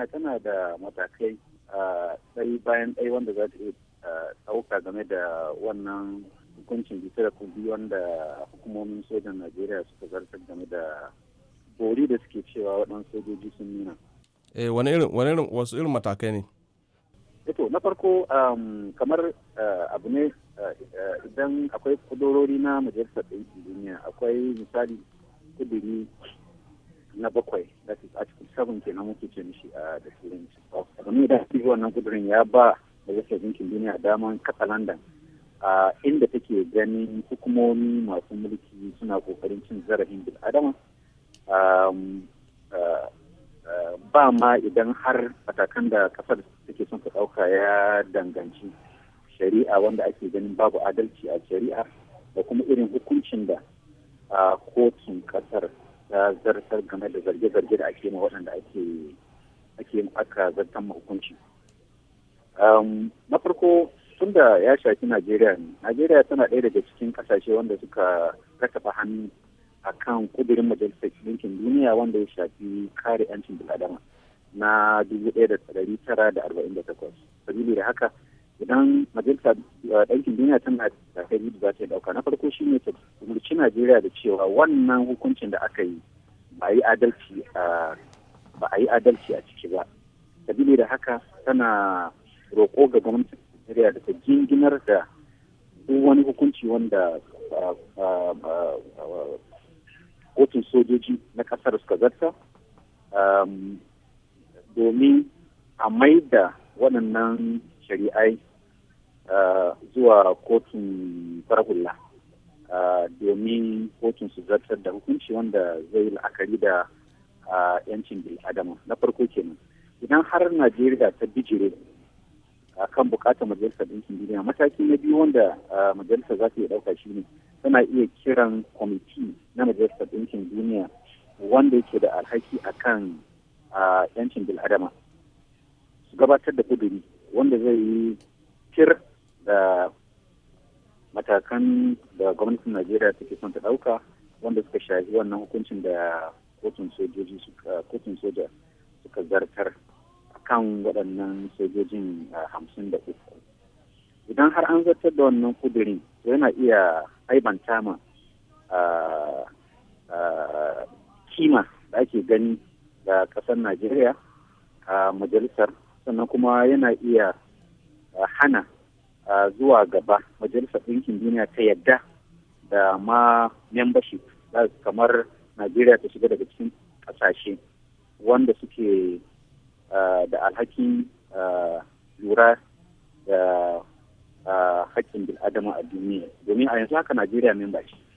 hanya tana da matakai ɗai bayan ɗai wanda za ta yi ɗauka game da wannan hukuncin bisa da kubi wanda hukumomin sojan najeriya suka zartar game da bori da suke cewa waɗansu sojoji sun nuna eh wani irin wani irin wasu irin matakai ne eto eh na farko kamar abu ne idan akwai kudurori na majalisar ɗin duniya akwai misali kudiri na bakwai that kenan muke ce mishi a da turanci abu ne da shi wannan kudurin ya ba majalisar dinkin duniya daman kasa london a inda take ganin hukumomi masu mulki suna kokarin cin zarafin bil'adama ba ma idan har matakan da kasar take son ka ɗauka ya danganci shari'a wanda ake ganin babu adalci a shari'a da kuma irin hukuncin da kotun kasar ta zartar game da zarge-zarge da ake ma waɗanda ake ake aka zartar ma hukunci um, na farko tun da ya shafi najeriya ne najeriya tana ɗaya daga cikin ƙasashe wanda suka kasafa hannu a kan kudirin majalisar ɗinkin duniya wanda ya shafi kare 'yancin bil'adama na 1948 sabili da haka idan majalisar uh, ɗinkin duniya tana da za ta ɗauka na farko shine ta umarci najeriya da cewa wannan hukuncin da aka yi ba a yi adalci a ciki ba sabili da haka tana roƙo ga gwamnatin najeriya da ta jinginar da duk wani hukunci wanda kotun sojoji na ƙasar suka zarta um, domin a maida waɗannan shari'ai Eh, zuwa kotun farhulla eh, domin kotun su zartar da hukunci wanda zai la'akari da eh, yancin bil'adama na farko kenan idan har najeriya ta bijire a kan bukatar majalisar ɗinkin duniya mataki na biyu wanda majalisar za ta iya ɗauka shi ne tana iya kiran kwamiti na majalisar ɗinkin duniya wanda yake da alhaki a kan yancin bil'adama su gabatar da kuduri wanda zai yi kir da matakan da gwamnatin najeriya take son ta ɗauka wanda suka shafi wannan hukuncin da kotun sojoji kotun soja suka zartar kan waɗannan sojojin ah, hamsin da uku idan har an zartar da wannan kudirin yana iya haibanta ma ah, ah, kima da ake gani da ƙasar najeriya a majalisar sannan kuma yana iya hana zuwa gaba majalisar ɗinkin duniya ta yadda da ma membership kamar najeriya ta shiga daga cikin ƙasashe wanda suke da alhakin lura da haƙƙin bil'adama a duniya domin a yanzu haka najeriya membership